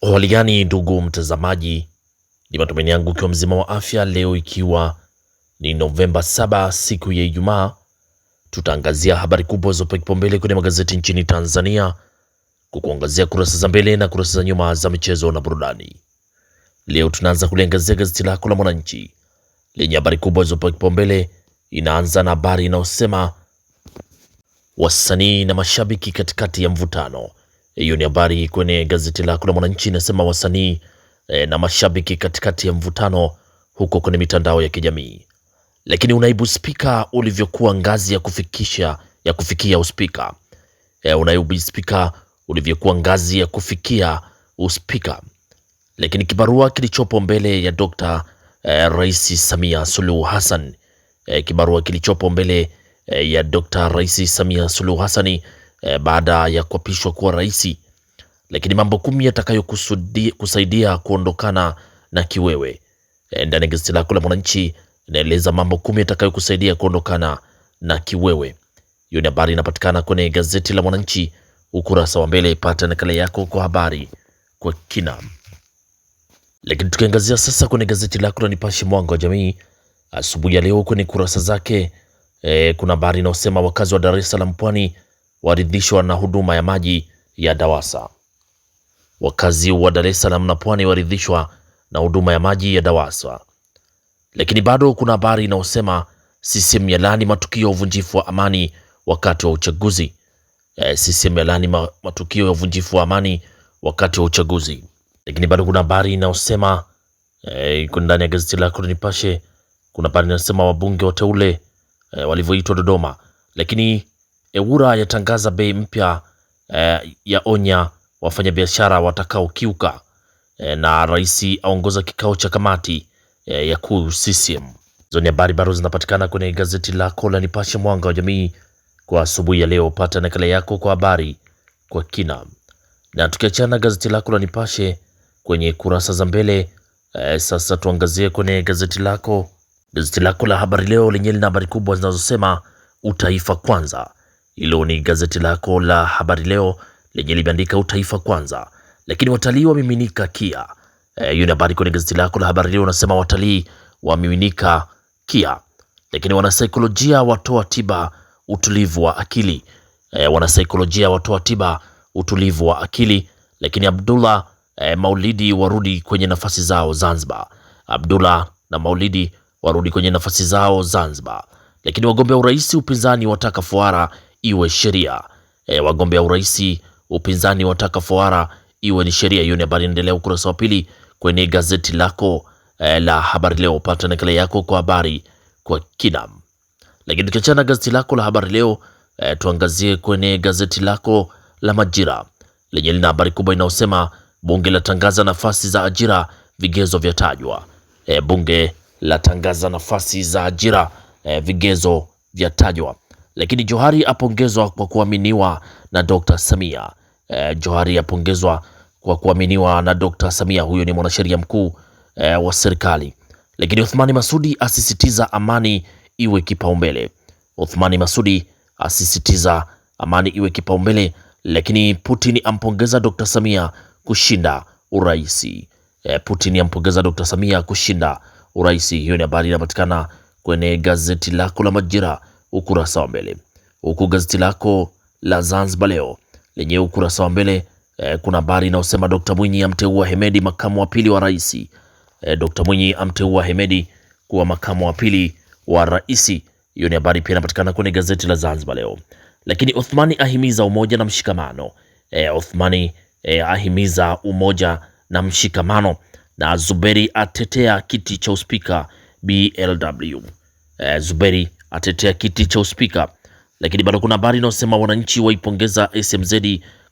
Hali gani ndugu mtazamaji, ni matumaini yangu ikiwa mzima wa afya. Leo ikiwa ni Novemba 7 siku ya Ijumaa, tutaangazia habari kubwa zopewa kipaumbele kwenye magazeti nchini Tanzania, kukuangazia kurasa za mbele na kurasa za nyuma za michezo na burudani. Leo tunaanza kuliangazia gazeti lako la Mwananchi lenye habari kubwa zilizopewa kipaumbele. Inaanza na habari inayosema wasanii na mashabiki katikati ya mvutano hiyo ni habari kwenye gazeti lako la Mwananchi, inasema wasanii e, na mashabiki katikati ya mvutano huko kwenye mitandao ya kijamii. Lakini unaibu spika ulivyokuwa ngazi ya kufikisha ya kufikia uspika e, unaibu spika ulivyokuwa ngazi ya kufikia uspika. Lakini kibarua kilichopo mbele ya Dr. e, eh, Rais Samia Suluhu Hassan e, kibarua kilichopo mbele ya Dr. Rais Samia Suluhu Hassani e, baada ya kuapishwa kuwa rais, lakini mambo kumi yatakayokusaidia kuondokana na kiwewe. E, ndani ya gazeti lako la Mwananchi inaeleza mambo kumi yatakayokusaidia kuondokana na kiwewe. Hiyo ni habari inapatikana kwenye gazeti la Mwananchi ukurasa wa mbele. Ipata nakala yako kwa habari kwa kina. Lakini tukiangazia sasa kwenye gazeti lako la Nipashe Mwanga wa Jamii asubuhi ya leo kwenye kurasa zake e, kuna habari inayosema wakazi wa Dar es Salaam Pwani waridhishwa na huduma ya maji ya DAWASA. Wakazi wa Dar es Salaam na Pwani waridhishwa na huduma ya maji ya DAWASA, lakini bado kuna habari inayosema CCM ya yalaani matukio ya uvunjifu wa amani wakati wa uchaguzi. CCM e, ya yalaani matukio ya uvunjifu wa amani wakati wa uchaguzi, lakini bado kuna habari inayosema eh, ndani ya gazeti lako Nipashe kuna habari inasema wabunge wateule eh, walivyoitwa Dodoma, lakini EWURA yatangaza bei mpya e, eh, ya onya wafanyabiashara watakaokiuka e, na rais aongoza kikao cha kamati e, ya kuu CCM. Hizo ni habari bado zinapatikana kwenye gazeti lako la Nipashe Mwanga wa Jamii kwa asubuhi ya leo. Pata nakala yako kwa habari kwa kina. Na tukiachana gazeti lako la Nipashe kwenye kurasa za mbele e, sasa tuangazie kwenye gazeti lako gazeti lako la Habari Leo lenye lina habari kubwa zinazosema utaifa kwanza hilo ni gazeti lako la Habari Leo lenye limeandika utaifa kwanza, lakini watalii wamiminika KIA. E, hiyo ni habari kwenye gazeti lako la Habari Leo, unasema watalii wamiminika KIA, lakini wanasaikolojia watoa tiba utulivu wa akili. E, wanasaikolojia watoa tiba utulivu wa akili. Lakini Abdullah e, Maulidi warudi kwenye nafasi zao Zanzibar. Abdullah na Maulidi warudi kwenye nafasi zao Zanzibar. Lakini wagombea urais upinzani wataka fuara iwe sheria e, wagombea urais upinzani wataka Fawara iwe ni sheria. Hiyo ni habari inaendelea ukurasa wa pili kwenye gazeti lako e, la habari leo. Pata nakala yako kwa habari kwa kina. Lakini tukiachana gazeti lako la habari leo e, tuangazie kwenye gazeti lako la Majira lenye lina habari kubwa inayosema bunge latangaza nafasi za ajira, vigezo vyatajwa. E, bunge latangaza nafasi za ajira, e, vigezo vyatajwa. Lakini Johari apongezwa kwa kuaminiwa na Dr. Samia. E, Johari apongezwa kwa kuaminiwa na Dr. Samia, huyo ni mwanasheria mkuu e, wa serikali. Lakini Uthmani Masudi asisitiza amani iwe kipaumbele. Uthmani Masudi asisitiza amani iwe kipaumbele. Lakini Putin ampongeza Dr. Samia kushinda urais. E, Putin ampongeza Dr. Samia kushinda urais. Hiyo ni habari inapatikana kwenye gazeti lako la Majira ukurasa wa mbele, huku gazeti lako la Zanzibar leo lenye ukurasa wa mbele e, kuna habari inayosema Dr. Mwinyi amteua Hemedi makamu wa pili wa rais. E, eh, Dr. Mwinyi amteua Hemedi kuwa makamu wa pili wa rais. Hiyo ni habari pia inapatikana kwenye gazeti la Zanzibar leo. Lakini Uthmani ahimiza umoja na mshikamano. E, eh, Uthmani e, ahimiza umoja na mshikamano na Zuberi atetea kiti cha uspika BLW. E, Zuberi atetea kiti cha uspika. Lakini bado kuna habari inayosema wananchi waipongeza SMZ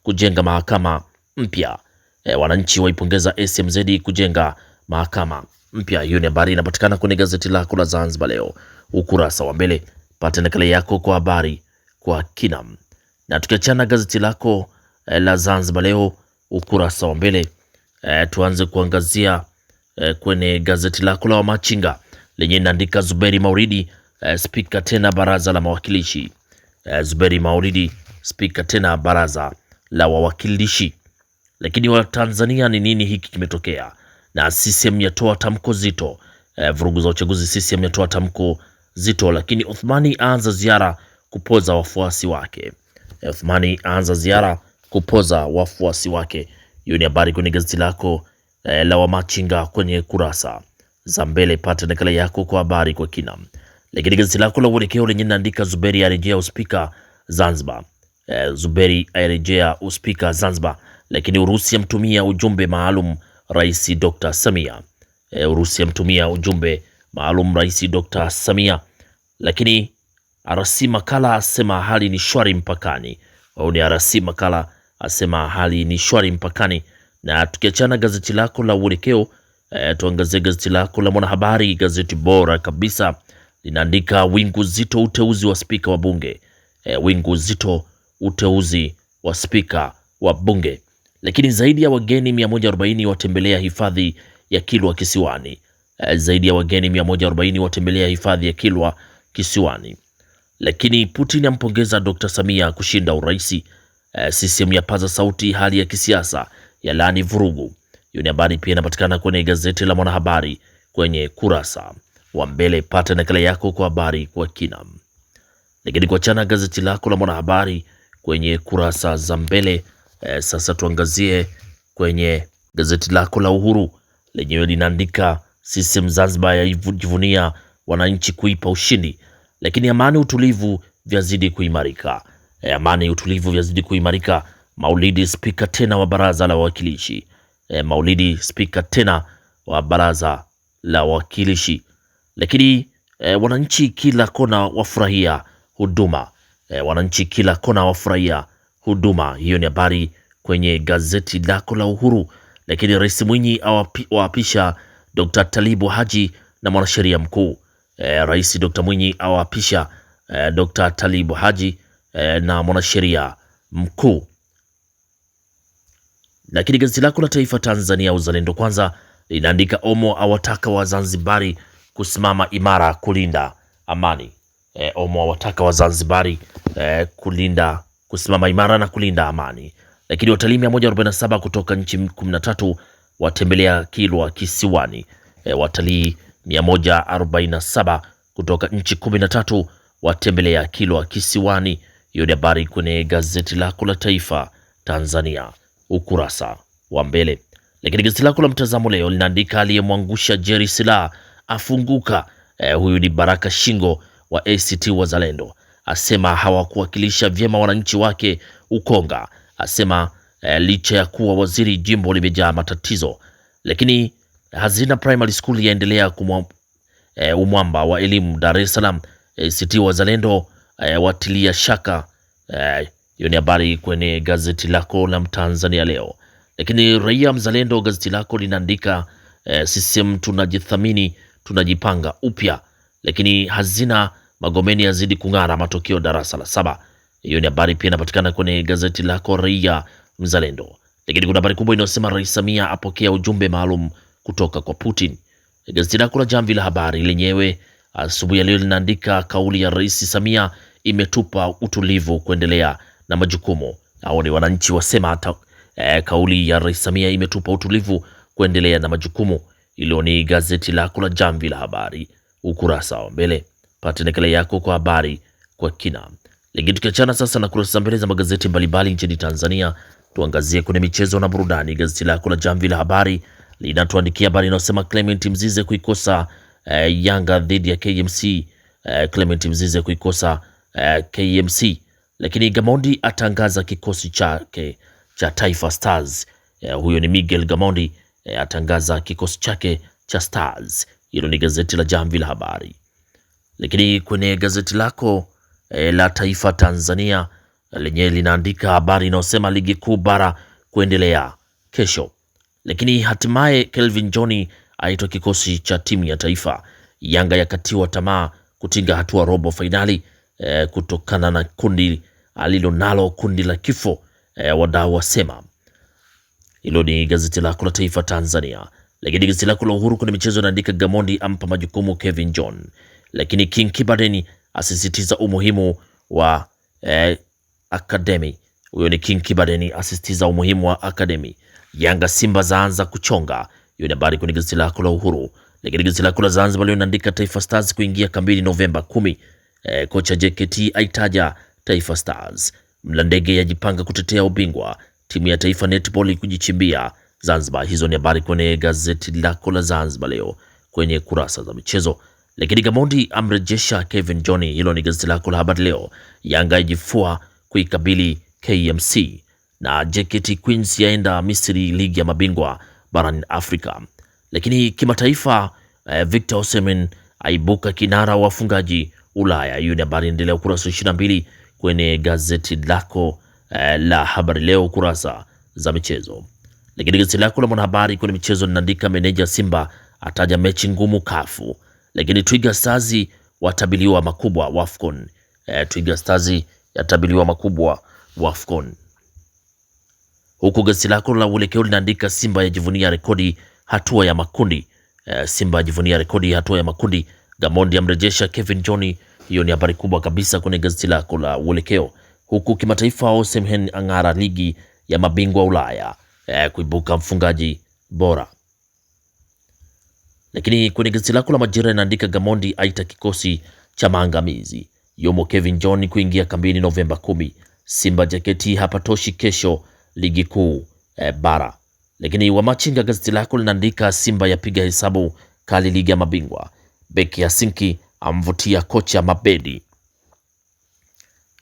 kujenga mahakama mpya. E, wananchi waipongeza SMZ kujenga mahakama mpya. Hiyo ni habari inapatikana kwenye gazeti lako la Zanzibar Leo ukurasa wa mbele. Pata nakala yako kwa habari kwa kina. Na tukiachana gazeti lako eh, la Zanzibar Leo ukurasa wa mbele eh, tuanze kuangazia eh, kwenye gazeti lako la Wamachinga lenye inaandika Zuberi Mauridi Eh, spika tena baraza la mawakilishi. Eh, Zuberi Maulidi, spika tena baraza la wawakilishi. Lakini Watanzania, ni nini hiki kimetokea? Na CCM yatoa tamko zito, eh, vurugu za uchaguzi. CCM yatoa tamko zito. Lakini Uthmani aanza ziara kupoza wafuasi wake. Uthmani aanza ziara kupoza wafuasi wake. Hiyo ni habari kwenye gazeti lako la Wamachinga kwenye kurasa za mbele. Pata nakala yako kwa habari kwa kina. Lakini gazeti lako la Uelekeo lenye linaandika Zuberi arejea uspika Zanzibar. E, Zuberi arejea uspika Zanzibar. Lakini Urusi amtumia ujumbe maalum Rais Dr. Samia. E, Urusi amtumia ujumbe maalum Rais Dr. Samia. Lakini RC Makala asema hali ni shwari mpakani. Au ni RC Makala asema hali ni shwari mpakani. Na tukiachana gazeti lako la Uelekeo, e, eh, tuangazie gazeti lako la Mwanahabari, gazeti bora kabisa linaandika wingu zito uteuzi wa spika wa bunge e, wingu zito uteuzi wa spika wa bunge. Lakini zaidi ya wageni 140 watembelea hifadhi ya Kilwa Kisiwani. E, zaidi ya wageni 140 watembelea hifadhi ya Kilwa Kisiwani. Lakini Putin ampongeza Dr. Samia kushinda uraisi. E, CCM yapaza sauti hali ya kisiasa ya laani vurugu. Hiyo ni habari pia inapatikana kwenye gazeti la Mwanahabari kwenye kurasa wa mbele. Pata nakala yako kwa habari kwa kina. Lakini kuachana gazeti lako la Mwanahabari kwenye kurasa za mbele. E, sasa tuangazie kwenye gazeti lako la Uhuru lenyewe linaandika CCM Zanzibar yajivunia wananchi kuipa ushindi, lakini amani utulivu vyazidi kuimarika. E, amani utulivu vyazidi kuimarika. Maulidi spika tena wa baraza la wawakilishi. E, Maulidi spika tena wa baraza la wawakilishi lakini e, wananchi kila kona wafurahia huduma e, wananchi kila kona wafurahia huduma. Hiyo ni habari kwenye gazeti lako la Uhuru. Lakini Rais Mwinyi awaapisha Dr. Talibu Haji na mwanasheria mkuu e, Rais Dr. Mwinyi awaapisha e, Dr. Talibu Haji e, na mwanasheria mkuu. Lakini gazeti lako la Taifa Tanzania Uzalendo Kwanza linaandika Omo awataka Wazanzibari kusimama imara kulinda amani. E, omo wamewataka Wazanzibari e, kulinda kusimama imara na kulinda amani. Lakini watalii 147 kutoka nchi 13 watembelea Kilwa Kisiwani. E, watalii 147 kutoka nchi 13 watembelea Kilwa Kisiwani. Hiyo ni habari kwenye gazeti lako la Taifa Tanzania ukurasa wa mbele. Lakini gazeti lako la Mtazamo leo linaandika aliyemwangusha Jerry Silaa afunguka. Eh, huyu ni Baraka Shingo wa ACT Wazalendo, asema hawakuwakilisha vyema wananchi wake Ukonga, asema eh, licha ya kuwa waziri jimbo limejaa matatizo, lakini hazina primary school yaendelea kumwa eh, umwamba wa elimu Dar es Salaam. ACT Wazalendo eh, watilia shaka eh, hiyo. Eh, ni habari kwenye gazeti lako la Mtanzania leo, lakini Raia Mzalendo gazeti lako linaandika eh, sisi CCM tunajithamini tunajipanga upya, lakini hazina Magomeni yazidi kung'ara, matokeo darasa la saba. Hiyo ni habari pia inapatikana kwenye gazeti la Korea Mzalendo. Lakini kuna habari kubwa inayosema Rais Samia apokea ujumbe maalum kutoka kwa Putin. Gazeti lako la Jamvi la Habari lenyewe asubuhi ya leo linaandika kauli ya Rais Samia imetupa utulivu kuendelea na majukumu. Hao ni wananchi wasema hata, e, kauli ya Rais Samia imetupa utulivu kuendelea na majukumu. Hilo ni gazeti lako la Jamvi la Habari, ukurasa wa mbele. Pata nakala yako kwa habari kwa kina. Lakini tukiachana sasa na kurasa mbele za magazeti mbalimbali nchini Tanzania, tuangazie kwenye michezo na burudani. Gazeti lako la Jamvi la Habari linatuandikia habari inayosema Clement Mzize kuikosa eh, Yanga dhidi ya KMC. Eh, Clement Mzize kuikosa eh, KMC. Lakini Gamondi atangaza kikosi chake cha Taifa Stars. Eh, huyo ni Miguel Gamondi E, atangaza kikosi chake cha Stars. Hilo ni gazeti la Jamvi la Habari. Lakini kwenye gazeti lako e, la Taifa Tanzania e, lenye linaandika habari inayosema ligi kuu bara kuendelea kesho. Lakini hatimaye Kelvin Johnny aitwa kikosi cha timu ya taifa. Yanga yakatiwa tamaa kutinga hatua robo fainali e, kutokana na kundi alilonalo kundi la kifo e, wadau wasema hilo ni gazeti lako la Taifa Tanzania. Lakini gazeti lako la Uhuru kuna michezo inaandika Gamondi ampa majukumu Kevin John, lakini King Kibaden asisitiza umuhimu wa eh, academy. Huyo ni King Kibaden asisitiza umuhimu wa academy. Yanga Simba zaanza kuchonga, hiyo ni habari kwenye gazeti lako la Uhuru. Lakini gazeti lako la Zanzibar leo inaandika Taifa Stars kuingia kambini Novemba 10. Eh, kocha JKT aitaja Taifa Stars. Mlandege yajipanga kutetea ubingwa timu ya taifa netball kujichimbia Zanzibar. Hizo ni habari kwenye gazeti lako la Zanzibar leo kwenye kurasa za michezo. Lakini Gamondi amrejesha Kevin Johnny, hilo ni gazeti lako la habari leo. Yanga ijifua kuikabili KMC na JKT Queens yaenda Misri, ligi ya mabingwa barani Afrika. Lakini kimataifa eh, Victor Osimhen aibuka kinara wafungaji Ulaya. Hiyo ni habari endelea ukurasa 22 kwenye gazeti lako Eh, la habari leo kurasa za michezo. Lakini gazeti lako la Mwanahabari kwenye michezo linaandika meneja Simba ataja mechi ngumu kafu, lakini Twiga Stars watabiliwa makubwa Wafcon. E, eh, Twiga Stars yatabiliwa makubwa Wafcon. Huku gazeti lako la Uelekeo linaandika Simba yajivunia rekodi hatua ya makundi. E, Simba yajivunia rekodi hatua ya makundi. Gamondi amrejesha Kevin Johnny. Hiyo ni habari kubwa kabisa kwenye gazeti lako la Uelekeo huku kimataifa Osimhen ang'ara ligi ya mabingwa Ulaya eh, kuibuka mfungaji bora. Lakini kwenye gazeti lako la Majira inaandika Gamondi aita kikosi cha maangamizi, yomo Kevin John kuingia kambini Novemba kumi. Simba jaketi hapatoshi kesho ligi kuu eh, bara. Lakini Wamachinga gazeti lako linaandika Simba yapiga hesabu kali ligi ya mabingwa, beki ya sinki amvutia kocha Mabedi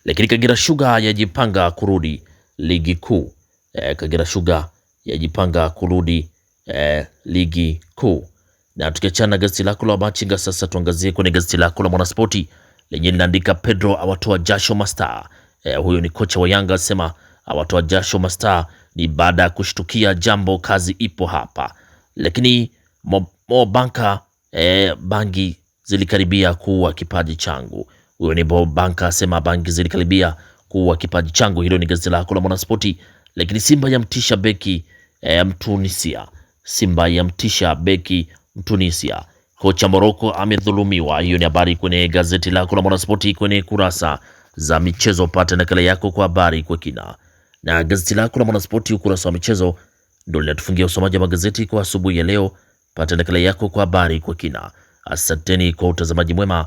lakini Kagera Sugar yajipanga kurudi ligi kuu e, Kagera Sugar yajipanga kurudi e, ligi kuu. Na tukiachana na gazeti lako la Machinga, sasa tuangazie kwenye gazeti lako la Mwanaspoti lenye linaandika Pedro awatoa jasho mastaa. E, huyo ni kocha wa Yanga asema awatoa jasho mastaa ni baada ya kushtukia jambo, kazi ipo hapa. Lakini mo, mo banka e, bangi zilikaribia kuwa kipaji changu. Huyo ni Bob Banka asema banki zilikaribia kuwa kipaji changu. Hilo ni gazeti lako la Mwanaspoti. Lakini Simba yamtisha beki e, Mtunisia. Simba yamtisha beki Mtunisia. Kocha Moroko amedhulumiwa. Hiyo ni habari kwenye gazeti lako la Mwanaspoti kwenye kurasa za michezo. Pata nakala yako kwa habari kwa kina, na gazeti lako la Mwanaspoti ukurasa wa michezo ndio linatufungia usomaji wa magazeti kwa asubuhi ya leo. Pata nakala yako kwa habari kwa kina. Asanteni kwa utazamaji mwema